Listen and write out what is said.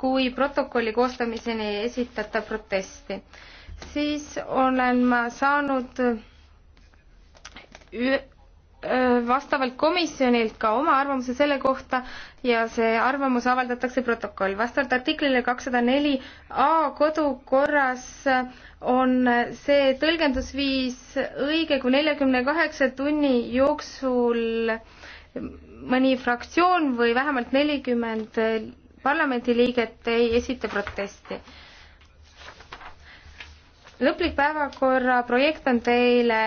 kui protokolli koostamiseni ei esitata protesti. siis olen ma saanud vastavalt komisjonilt ka oma arvamuse selle kohta ja see arvamus avaldatakse protokoll. vastavalt artiklile kakssada neli A kodukorras on see tõlgendusviis õige, kui neljakümne kaheksa tunni jooksul mõni fraktsioon või vähemalt nelikümmend 40 parlamendiliiget ei esita protesti. lõplik päevakorra projekt on teile